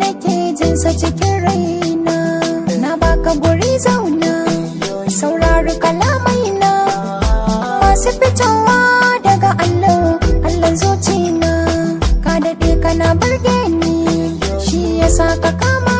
nake jinsa cikin raina na baka guri zauna saurari kalamaina masu fitowa daga allo allon zuciya ka daɗe kana burge ni shi sa ka kama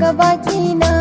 ಜಗವಚಿನಾ